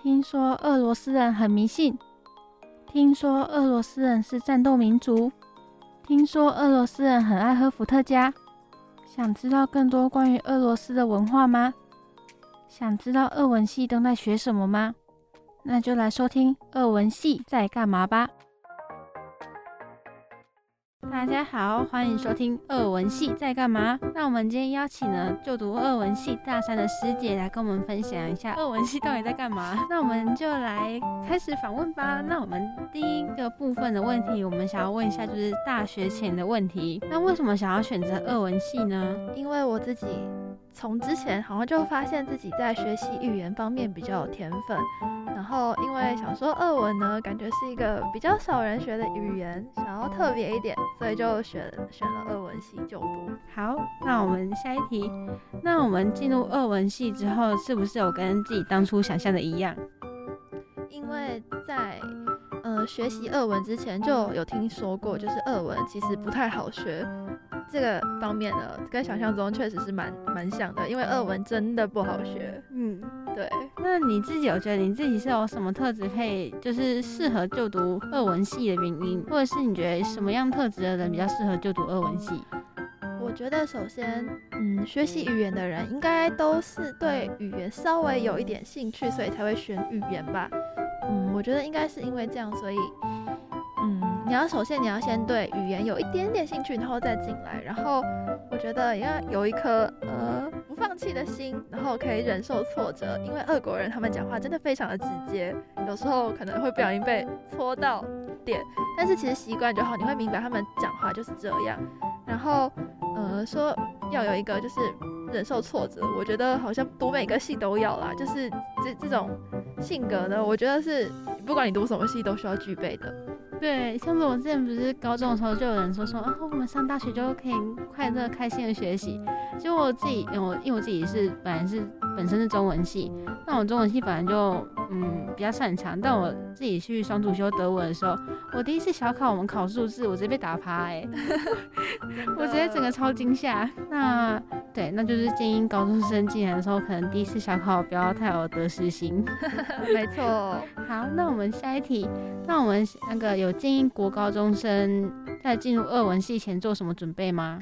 聽說俄羅斯人很迷信。聽說俄羅斯人是戰鬥民族。聽說俄羅斯人很愛喝伏特加。想知道更多關於俄羅斯的文化嗎？想知道俄文系都在學什麼嗎？那就來收聽俄文系在幹嘛吧。大家好，歡迎收聽俄文系在幹嘛。那我們今天邀請了就讀俄文系大三的詩婕來跟我們分享一下俄文系到底在幹嘛。那我們就來開始訪問吧。那我們第一個部分的問題，我們想要問一下，就是大學前的問題。那為什麼想要選擇俄文系呢？因為我自己。從之前好像就發現自己在學習語言方面比較有天分，然後因為想說俄文呢，感覺是一個比較少人學的語言，想要特別一點，所以就選選了俄文系就讀。好，那我們下一題，那我們進入俄文系之後，是不是有跟自己當初想象的一樣？因為在。呃，學習俄文之前就有聽說過，就是俄文其實不太好學，這個方面呢，跟想象中確實是蠻蠻像的，因為俄文真的不好學。嗯，嗯對。那你自己有覺得你自己是有什麼特質可以，就是適合就讀俄文系的原因，或者是你覺得什麼樣特質的人比較適合就讀俄文系？我覺得首先，嗯，學習語言的人應該都是對語言稍微有一點興趣，嗯、所以才會選語言吧。嗯，我覺得應該是因為這樣，所以，嗯，你要首先你要先對語言有一點點興趣，然後再進來。然後，我覺得要有一顆呃不放棄的心，然後可以忍受挫折。因為俄國人，他們講話真的非常的直接，有時候可能會不小心被戳到點，但是其實習慣就好，你會明白他們講話就是這樣。然後，呃，說要有一個就是。忍受挫折，我覺得好像讀每個系都要啦，就是這這種性格呢，我覺得是不管你讀什麼系都需要具備的。對，像我之前不是高中的時候就有人說說啊，我們上大學就可以快樂開心的學習，就我自己，我因為我自己是本來是。本身是中文系，那我中文系本來就嗯，比較擅長，但我自己去雙主修德文的時候，我第一次小考我們考數字，我直接被打趴哎、欸， 我直接整個超驚嚇。那對，那就是建議高中生進來的時候，可能第一次小考不要太有得失心。沒錯。好，那我們下一題，那我們那個有建議國高中生在進入俄文系前做什麼準備嗎？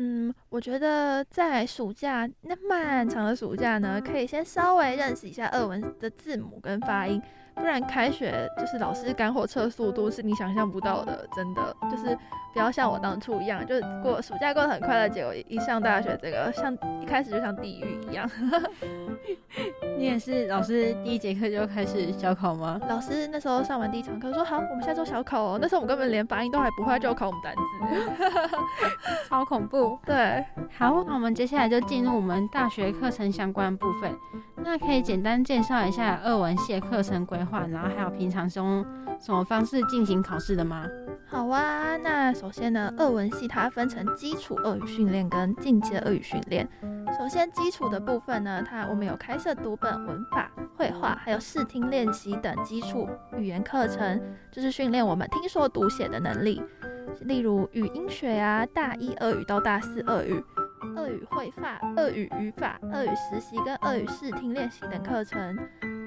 嗯，我覺得在暑假，那漫長的暑假呢，可以先稍微認識一下俄文的字母跟發音。不然開學就是老師趕火車速度是你想象不到的，真的就是不要像我當初一樣，就過暑假過得很快樂，結果一上大學這個像一開始就像地獄一樣。 你也是老師第一節課就開始小考嗎？老師那時候上完第一堂課說好，我們下週小考哦。那時候我們根本連發音都還不會，就要考我們單詞 超恐怖。對，好，那我們接下來就進入我們大學課程相關部分。那可以簡單介紹一下俄文系課程規。然後還有平常用什麼方式進行考試的嗎？好啊，那首先呢，俄文系它分成基礎俄語訓練跟進階俄語訓練。首先，基礎的部分呢，它我們有開設讀本文法、會話，還有視聽練習等基礎語言課程，就是訓練我們聽說讀寫的能力。例如語音學啊，大一俄語到大四俄語，俄語會話、俄語語法、俄語實習跟俄語視聽練習等課程。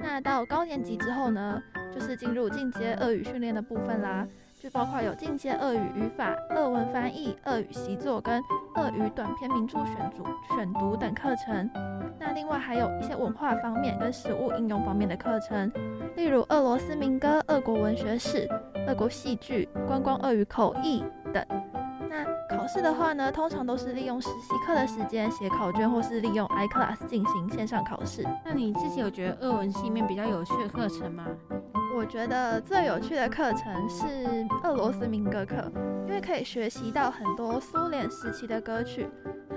那到高年級之後呢，就是進入進階俄語訓練的部分啦，就包括有進階俄語語法、俄文翻譯、俄語習作跟俄語短篇名著選讀、選讀等課程。那另外還有一些文化方面跟實務應用方面的課程，例如俄羅斯民歌、俄國文學史、俄國戲劇、觀光俄語口譯等。考試的話呢，通常都是利用實習課的時間寫考卷，或是利用 iClass 進行線上考試。那你自己有覺得俄文系裡面比較有趣的課程嗎？我覺得最有趣的課程是俄羅斯民歌課，因為可以學習到很多蘇聯時期的歌曲。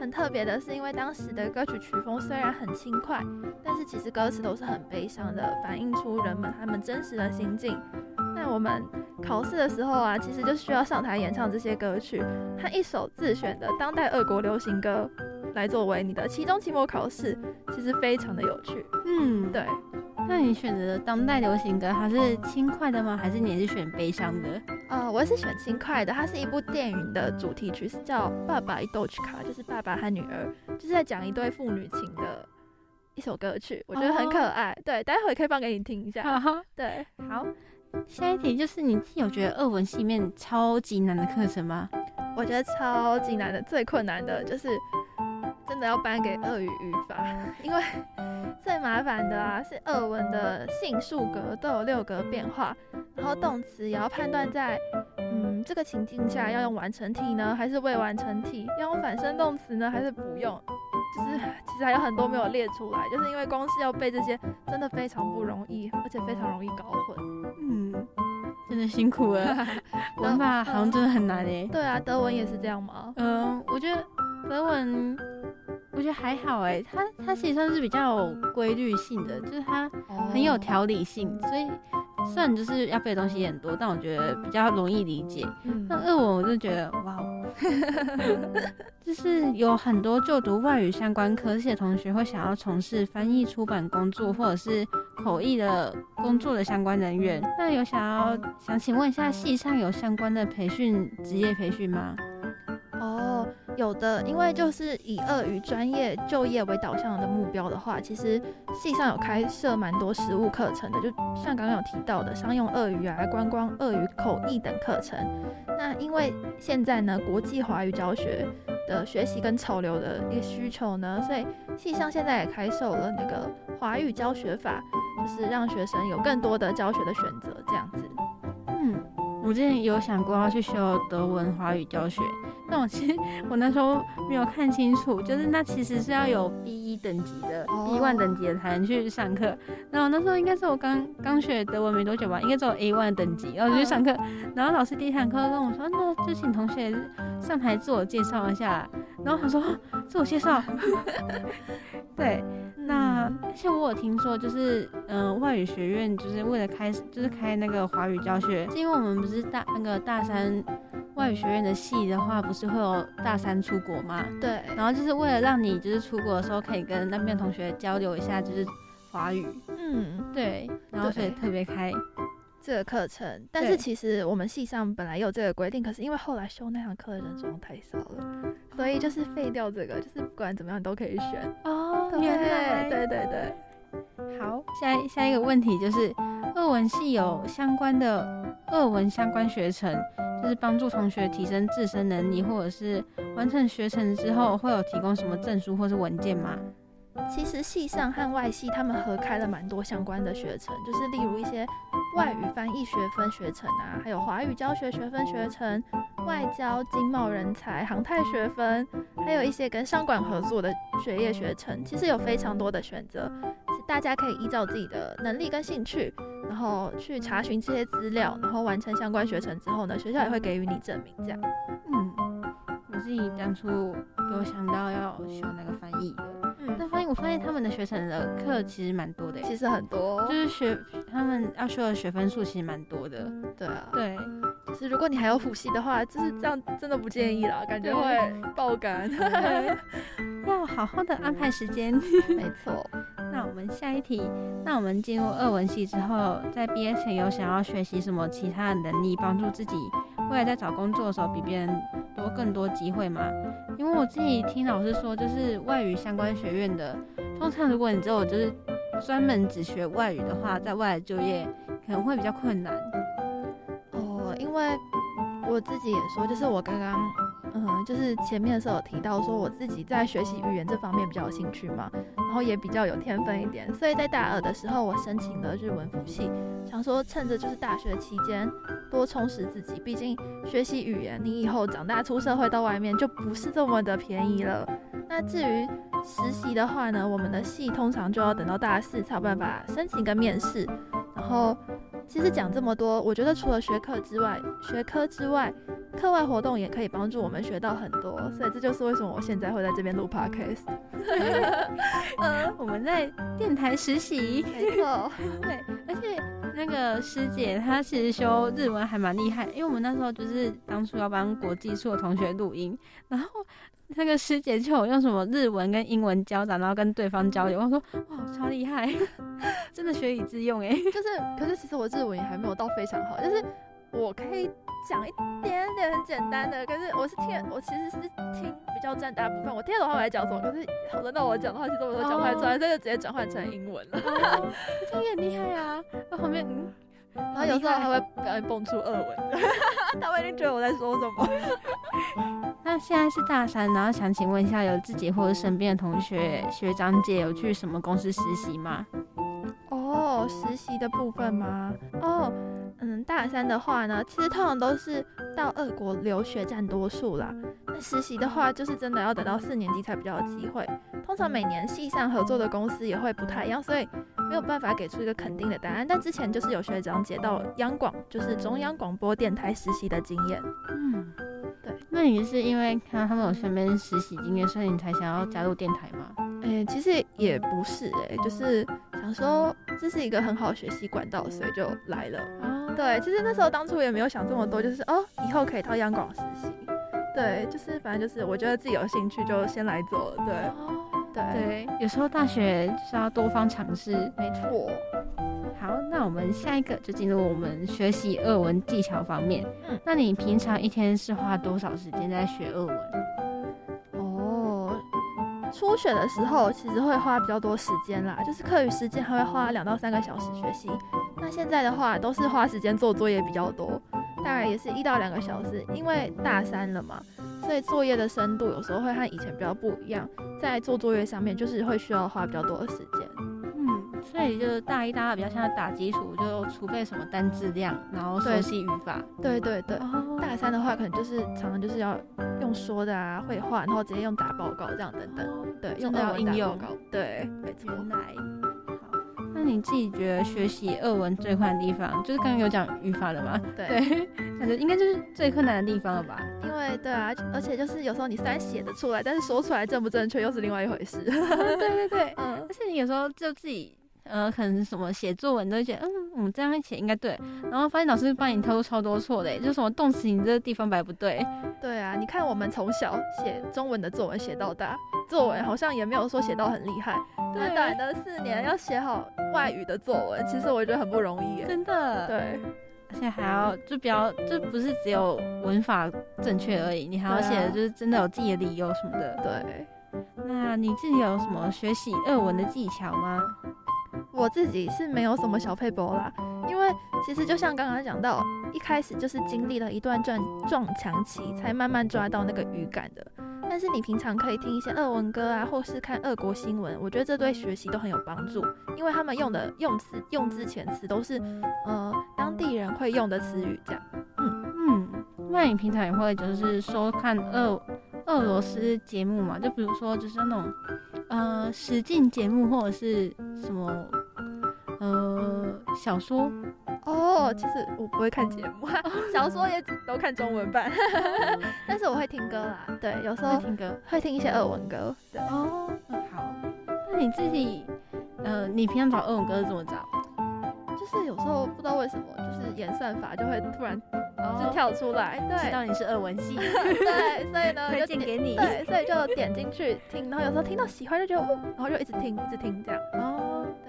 很特別的是，因為當時的歌曲曲風雖然很輕快，但是其實歌詞都是很悲傷的，反映出人們他們真實的心境。那我們考試的時候啊，其實就需要上台演唱這些歌曲和一首自選的當代俄國流行歌來作為你的期中、期末考試，其實非常的有趣。嗯，對。那你選擇當代流行歌，它是輕快的嗎？還是你也是選悲傷的？啊、呃，我是選輕快的，它是一部電影的主題曲，是叫《爸爸一豆卡》，就是爸爸和女兒，就是在講一對父女情的一首歌曲，哦，我覺得很可愛。對，待會可以放給你聽一下。哈對，好。下一題就是你有覺得俄文系裡面超級難的課程嗎？我覺得超級難的，最困難的就是真的要頒給俄語語法，因為最麻煩的啊是俄文的性數格都有六格變化，然後動詞也要判斷在嗯這個情境下要用完成體呢，還是未完成體，要用反身動詞呢，還是不用。其、就是其實還有很多沒有列出來，就是因為光是要背這些，真的非常不容易，而且非常容易搞混。嗯，真的辛苦了。文 法好像真的很難哎、欸嗯嗯。對啊，德文也是這樣嗎？嗯，我覺得德文，我覺得還好哎、欸，它它其實算是比較有規律性的，嗯、就是它很有條理性，嗯、所以雖然就是要背的東西很多，但我覺得比較容易理解。嗯，那俄文我就覺得哇。 就是有很多就讀外語相關科系的同學會想要從事翻譯、出版工作，或者是口譯的工作的相關人員。那有想要想請問一下，系上有相關的培訓、職業培訓嗎？哦、oh. 有的，因為就是以俄語專業就業為導向的目標的話，其實系上有開設蠻多實務課程的，就像剛剛有提到的商用俄語啊、觀光俄語口譯等課程。那因為現在呢，國際華語教學的學習跟潮流的一個需求呢，所以系上現在也開設了那個華語教學法，就是讓學生有更多的教學的選擇，這樣子。我之前有想過要去學德文、華語教學，但我其實我那時候沒有看清楚，就是那其實是要有 B1 等級的、B1 等級的才能去上課。然後那時候應該是我剛剛學德文沒多久吧，應該只有 A1 等級，然後就去上課。然後老師第一堂課跟我說：“那就請同學上台自我介紹一下。”然後他說、哦：“自我介紹。 ”對。那而且、嗯、我有聽說，就是嗯、呃，外語學院就是為了開，就是開那個華語教學，是因為我們不是大那個大三外語學院的系的話，不是會有大三出國嗎？對。然後就是為了讓你就是出國的時候可以跟那邊同學交流一下，就是華語。嗯，對。然後所以特別開。這個課程，但是其實我們系上本來有這個規定，可是因為後來修那堂課的人數太少了，所以就是廢掉這個，就是不管怎麼樣都可以選哦。Oh, 對對、yeah, 對對對，好，下一下一個問題就是，俄文系有相關的俄文相關學程，就是幫助同學提升自身能力，或者是完成學程之後會有提供什麼證書或是文件嗎？其實系上和外系他們合開了蠻多相關的學程，就是例如一些外語翻譯學分學程啊，還有華語教學學分學程、外交經貿人才、航太學分，還有一些跟商管合作的學業學程，其實有非常多的選擇，大家可以依照自己的能力跟興趣，然後去查詢這些資料，然後完成相關學程之後呢，學校也會給予你證明。這樣，嗯，我自己當初有想到要學那個翻譯。但發現，我發現他們的學成的課其實蠻多的，嗯，其實很多，哦，就是學他們要修的學分數其實蠻多的。對啊，對，就是如果你還有輔系的話，就是這樣，真的不建議了，嗯，感覺會爆肝， okay. 要好好的安排時間。沒錯， 那我們下一題，那我們進入俄文系之後，在畢業前有想要學習什麼其他的能力，幫助自己未來在找工作的時候比別人多更多機會嗎？因為我自己聽老師說，就是外語相關學院的，通常如果你只有就是專門只學外語的話，在外來就業可能會比較困難。哦，因為我自己也說，就是我剛剛嗯，就是前面的時候有提到，說我自己在學習語言這方面比較有興趣嘛，然後也比較有天分一點，所以在大二的時候，我申請了日文輔系，想說趁着就是大學期間。多充實自己，畢竟學習語言，你以後長大出社會到外面就不是這麼的便宜了。那至於實習的話呢，我們的系通常就要等到大四才有辦法申請跟面試。然後，其實講這麼多，我覺得除了學科之外，學科之外，課外活動也可以幫助我們學到很多。所以這就是為什麼我現在會在這邊錄 podcast、。 嗯，我們在電台實習，沒錯，對，而且。那個師姐，她其實修日文還蠻厲害，因為我們那時候就是當初要幫國際處的同學錄音，然後那個師姐就有用什麼日文跟英文交談，然後跟對方交流，我說哇，超厲害，呵呵，真的學以致用誒、欸、就是可是其實我日文也還沒有到非常好，就是。我可以講一點點很簡單的，可是我是聽，我其實是聽比較占大部分。我聽懂他們在講什麼，可是輪到我講的話，其實我都講不出來，他、oh. 就直接轉換成英文了。這、oh. 也很厲害啊！我旁邊，嗯、oh.，然後有時候還會突然蹦出俄文， 他會一定覺得我在說什麼。 那現在是大三，然後想請問一下，有自己或者身邊的同學學長姐有去什麼公司實習嗎？哦、oh,，實習的部分嗎？哦、oh.。大三的話呢，其實通常都是到俄國留學占多數啦。那實習的話，就是真的要等到四年級才比較有機會。通常每年系上合作的公司也會不太一樣，所以沒有辦法給出一個肯定的答案。但之前就是有學長接到央廣，就是中央廣播電台實習的經驗。嗯，對。那你是因為看到他們有身邊實習經驗，所以你才想要加入電台嗎？哎、欸，其實也不是哎、欸，就是想說。這是一個很好學習管道，所以就來了。哦。對，其實那時候當初也沒有想這麼多，就是哦，以後可以到央廣實習。對，就是反正就是我覺得自己有興趣就先來做對。哦，對，對有時候大學就是要多方嘗試。沒錯。好，那我們下一個就進入我們學習俄文技巧方面。嗯，那你平常一天是花多少時間在學俄文？初學的時候，其實會花比較多時間啦，就是課餘時間還會花兩到三個小時學習。那現在的話，都是花時間做作業比較多，大概也是一到兩個小時。因為大三了嘛，所以作業的深度有時候會和以前比較不一樣，在做作業上面就是會需要花比較多的時間。所以就是大一、大二比較像打基礎，就儲備什麼單字量，然後熟悉語法。對對，對對。Oh. 大三的話，可能就是常常就是要用說的啊，會話，然後直接用打報告這樣等等。Oh. 對，的用到應用。對，對，錯。奶。來好。那你自己覺得學習俄文最快的地方，就是剛剛有講語法的嘛？對。感 覺應該就是最困難的地方了吧？因為對啊，而且就是有時候你雖然寫得出來，但是說出來正不正確又是另外一回事。 對對對。嗯，而且你有時候就自己。呃，可能什麼寫作文都寫覺得，嗯，我、嗯、們這樣寫應該對。然後發現老師幫你挑出超多錯的，就是什麼動詞你這個地方擺不對。對啊，你看我們從小寫中文的作文寫到大，作文好像也沒有說寫到很厲害。短短的四年要寫好外語的作文，其實我覺得很不容易。真的。對。而且還要就比較，就不是只有文法正確而已，你還要寫就是真的有自己的理由什麼的。對、啊對。那你自己有什麼學習俄文的技巧嗎？我自己是沒有什麼小撇步啦，因為其實就像剛剛講到，一開始就是經歷了一段段撞撞牆期，才慢慢抓到那個語感的。但是你平常可以聽一些俄文歌啊，或是看俄國新聞，我覺得這對學習都很有幫助，因為他們用的用詞用之前詞都是呃當地人會用的詞語。這樣，嗯嗯，那你平常也會就是說看俄俄羅斯節目嘛？就比如說就是那種呃實境節目或者是什麼？呃，小說哦，oh, 其實我不會看節目， 小說也只 都看中文版、 嗯，但是我會聽歌啦。對，有時候會聽歌 會聽一些俄文歌。哦，嗯、oh,，好。那你自己， 呃，你平常找俄文歌是怎麼找？就是有時候不知道為什麼，就是演算法就會突然、oh, 就跳出來，對，知道你是俄文系 對，對，所以呢推薦給你，所以就點進去聽，然後有時候聽到喜歡就覺得， 然後就一直聽，一直聽這樣。哦、oh.。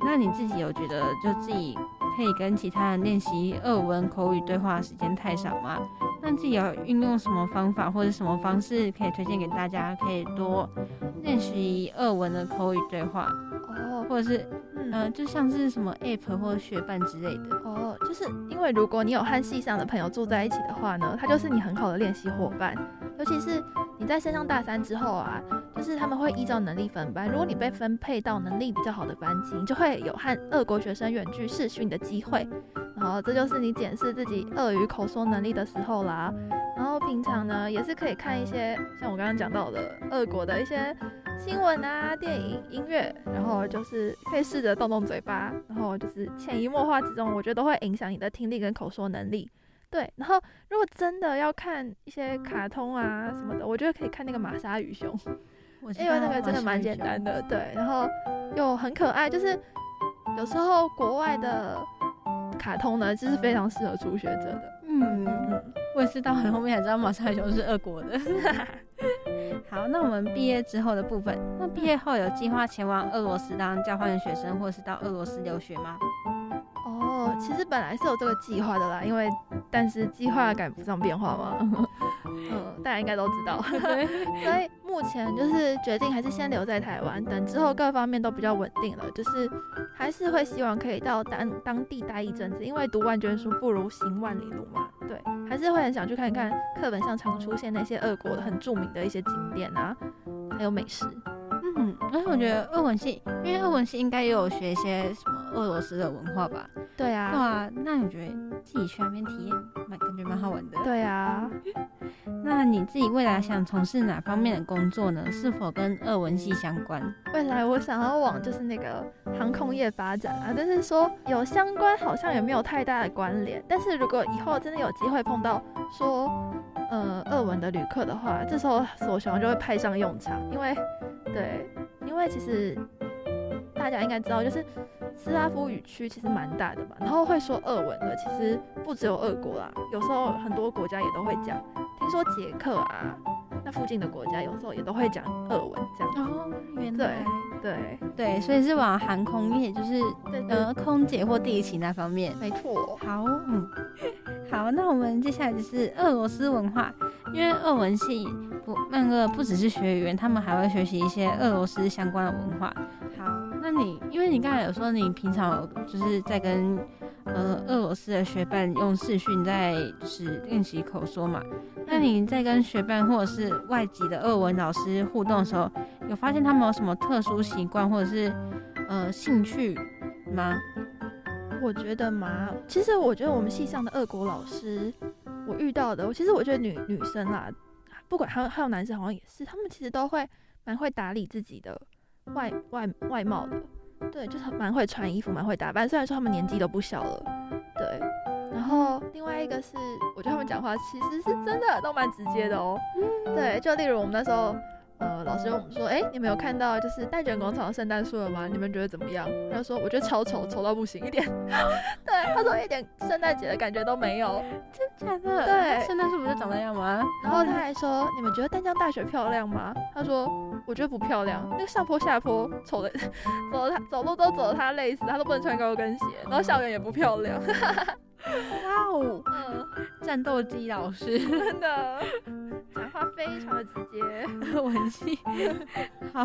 那你自己有覺得就自己可以跟其他人練習俄文口語對話的時間太少嗎？那自己有運用什麼方法或者什麼方式可以推薦給大家，可以多練習俄文的口語對話，哦。或者是嗯、呃，就像是什麼 app 或者學伴之類的。哦，就是因為如果你有和系上的朋友住在一起的話呢，他就是你很好的練習夥伴，尤其是你在升上大三之後啊。是他們會依照能力分班，如果你被分配到能力比較好的班級，你就會有和俄國學生遠距視訊的機會。然後這就是你檢視自己俄語口說能力的時候啦。然後平常呢，也是可以看一些像我剛剛講到的，俄國的一些新聞啊、電影、音樂，然後就是可以試着動動嘴巴，然後就是潛移默化之中，我覺得都會影響你的聽力跟口說能力。對，然後如果真的要看一些卡通啊什麼的，我覺得可以看那個《瑪莎與熊》。因為那個真的蠻簡單的，對，然後又很可愛，就是有時候國外的卡通呢，就是非常適合初學者的。嗯。嗯，我也是到很後面才知道瑪莎熊是俄國的。 好，那我們畢業之後的部分，那畢業後有計劃前往俄羅斯當交換學生，或是到俄羅斯留學嗎？哦，其實本來是有這個計劃的啦，因為但是計劃趕不上變化嘛。嗯，大家應該都知道， 所以。目前就是決定還是先留在台灣，等之後各方面都比較穩定了，就是還是會希望可以到當當地待一陣子，因為讀萬卷書不如行萬里路嘛。對，還是會很想去看一看課本上常出現那些俄國的很著名的一些景點啊，還有美食。嗯，而且我覺得俄文系，因為俄文系應該也有學一些什麼俄羅斯的文化吧？對啊，對啊，那我覺得自己去那邊體驗？感覺蠻好玩的。對啊， 那你自己未來想從事哪方面的工作呢？是否跟俄文系相關？未來我想要往就是那個航空業發展啊，但是說有相關好像也沒有太大的關聯。但是如果以後真的有機會碰到說呃俄文的旅客的話，啊，這時候所學就會派上用場，因為對，因為其實大家應該知道就是。斯拉夫語區其實蠻大的嘛，然後會說俄文的其實不只有俄國啦，有時候很多國家也都會講。聽說捷克啊，那附近的國家有時候也都會講俄文這樣。哦，原來對對對，所以是往航空業，就是對對對，呃空姐或地勤那方面。沒錯。好，嗯， 好，那我們接下來就是俄羅斯文化，因為俄文系不，那個不只是學語言，他們還會學習一些俄羅斯相關的文化。好。那你，因為你剛才有說你平常就是在跟呃俄羅斯的學伴用視訊在就是練習口說嘛，那你在跟學伴或者是外籍的俄文老師互動的時候，有發現他們有什麼特殊習慣或者是呃興趣嗎？我覺得嘛，其實我覺得我們系上的俄國老師，我遇到的，其實我覺得女女生啦，不管還有還有男生好像也是，他們其實都會蠻會打理自己的。外外外貌的，對，就是蠻會穿衣服，蠻會打扮。雖然說他們年紀都不小了，對。然後另外一個是，我覺得他們講話其實是真的都蠻直接的哦。對，就例如我們那時候。呃，老師問我們說，哎、欸，你們有看到就是蛋捲廣場的聖誕樹了嗎？你們覺得怎麼樣？他就說，我覺得超醜，醜到不行一點。 對，他說一點聖誕節的感覺都沒有。真假的？對，聖誕樹不就長那樣嗎、嗯嗯、嗎？然後他還說，嗯、你們覺得淡江大學漂亮嗎？他說，我覺得不漂亮，嗯、那個上坡下坡醜的，走他走路都走的他累死，他都不能穿高跟鞋。嗯、然後校園也不漂亮。哇 哦、嗯嗯，戰鬥機老師， 真的。講話非常的直接，很玩氣，好，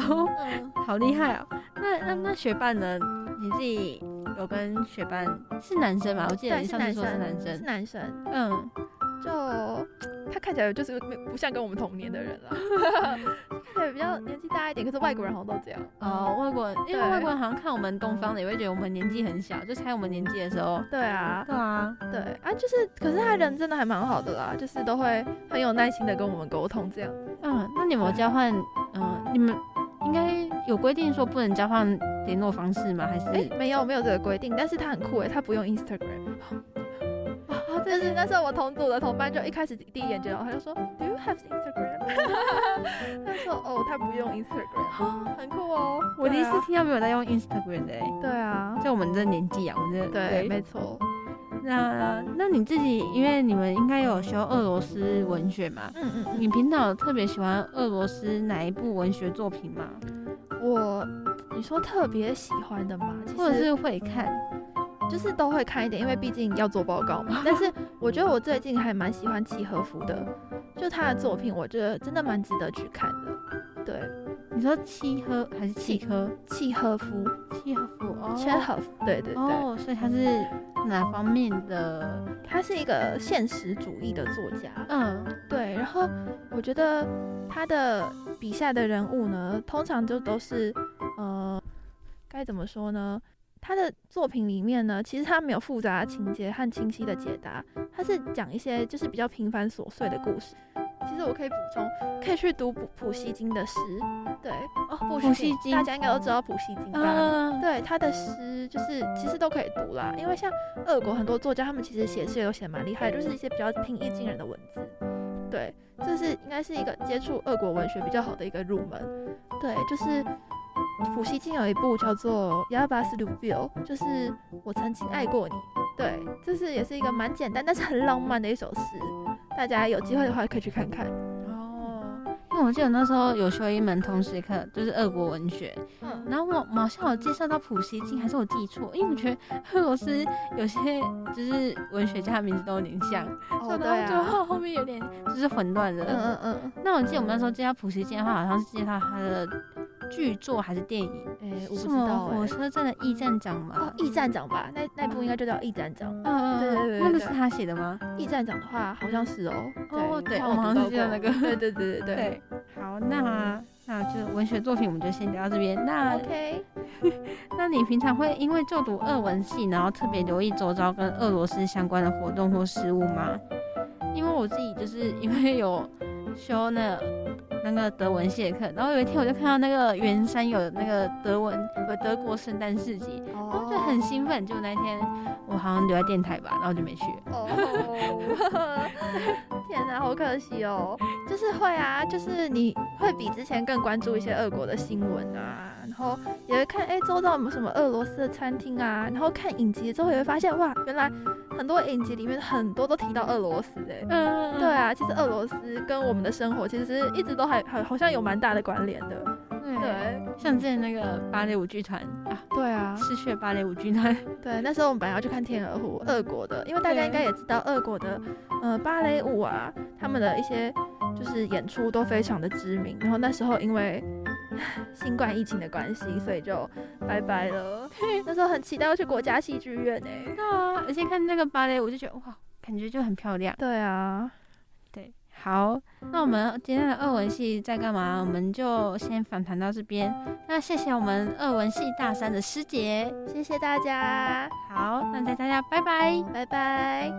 好厲害啊、喔。那那那學霸呢？你自己有跟學霸是男生嗎？我記得你上次說是男生，是男生，嗯。就他看起來就是不不像跟我們同年的人了，啊， 看起來比較年紀大一點。可是外國人好像都這樣啊，哦，外國人因為外國人好像看我們東方的也會覺得我們年紀很小，嗯，就猜我們年紀的時候。對啊，對啊，對啊，就是，可是他人真的還蠻好的啦，嗯，就是都會很有耐心的跟我們溝通這樣。嗯，那你們交換，嗯，你們應該有規定說不能交換聯絡方式嗎？還是、欸、沒有沒有這個規定，但是他很酷誒，他不用 Instagram。就是那時候，我同組的同班就一開始第一眼見到他就說，Do you have Instagram？ 他說哦，他不用 Instagram，很酷哦。我第一次聽到有人在用 Instagram 的。對啊，就我們這年紀啊，我們這。對，沒錯。那那你自己，因為你們應該有學俄羅斯文學嘛，嗯嗯，你平常特別喜歡俄羅斯哪一部文學作品嗎？我，你說特別喜歡的嘛，或者是會看？就是都會看一點，因為畢竟要做報告嘛。 但是我覺得我最近還蠻喜歡契訶夫的，就他的作品，我覺得真的蠻值得去看的。對，你說契訶還是契訶？契訶夫。契訶夫哦，契訶夫，對對對對。哦，所以他是哪方面的？他是一個現實主義的作家。嗯，對。然後我覺得他的筆下的人物呢，通常就都是，呃，該怎麼說呢？他的作品裡面呢，其實他沒有複雜情節和清晰的解答，他是講一些就是比較平凡瑣碎的故事。其實我可以補充，可以去讀普普希金的詩，對，哦，普希金，普希金大家應該都知道普希金吧？嗯、對，他的詩就是其實都可以讀啦，因為像俄國很多作家，他們其實寫詩也都寫蠻厲害，就是一些比較平易近人的文字。對，這是就是應該是一個接觸俄國文學比較好的一個入門。對，就是。普希金有一部叫做《Я вас любил》就是我曾經愛過你。對，這是也是一個蠻簡單，但是很浪漫的一首詩。大家有機會的話可以去看看。哦，因為我記得我那時候有修一門通識課，就是俄國文學。嗯。然後我好像有介紹到普希金，還是我記錯？因為我覺得俄羅斯有些就是文學家的名字都有點像。哦，對啊。後面有點就是混亂的。嗯嗯嗯嗯。那我記得我們那時候介紹普希金的話，好像是介紹他的。劇作還是電影？哎、欸，我不知道哎、欸。火車站的驛站長嗎？哦，嗯、驛站長吧。那那部應該就叫《驛站長》。嗯。嗯嗯，對對對，對對對，那個是他寫的嗎？驛站長的話，好像是哦、喔。哦、喔、對、對、喔對喔，我好像記得那個、喔。對對對對對。好，那、啊嗯、那就文學作品，我們就先聊到這邊。那 OK。嗯、 那你平常會因為就讀俄文系，然後特別留意周遭跟俄羅斯相關的活動或事物嗎？因為我自己就是因為有修那。那個德文謝克，然後有一天我就看到那個圓山有那個德文和德國聖誕市集。我、喔、就很興奮，就那天我好像留在電臺吧，然後就沒去。哦、喔，喔喔喔、 天哪，好可惜哦！就是會啊，就是你會比之前更關注一些俄國的新聞啊，然後也會看誒，周、欸、遭有沒有什麼俄羅斯的餐廳啊，然後看影集之後也會發現，哇，原來很多影集裡面很多都提到俄羅斯誒、欸。嗯對啊，其實俄羅斯跟我們的生活其實是一直都還還好像有蠻大的關聯的。對，像之前那個芭蕾舞劇團啊，對啊，失血芭蕾舞劇團。對，那時候我們本來要去看《天鵝湖》，俄國的，因為大家應該也知道，俄國的呃芭蕾舞啊，他們的一些就是演出都非常的知名。然後那時候因為新冠疫情的關係，所以就拜拜了。 那時候很期待要去國家戲劇院呢、欸，對啊，而且看那個芭蕾舞就覺得哇，感覺就很漂亮。對啊。好，那我們今天的俄文系在幹嘛？我們就先訪談到這邊。那謝謝我們俄文系大三的詩婕，謝謝大家。好，那大家拜拜，拜拜。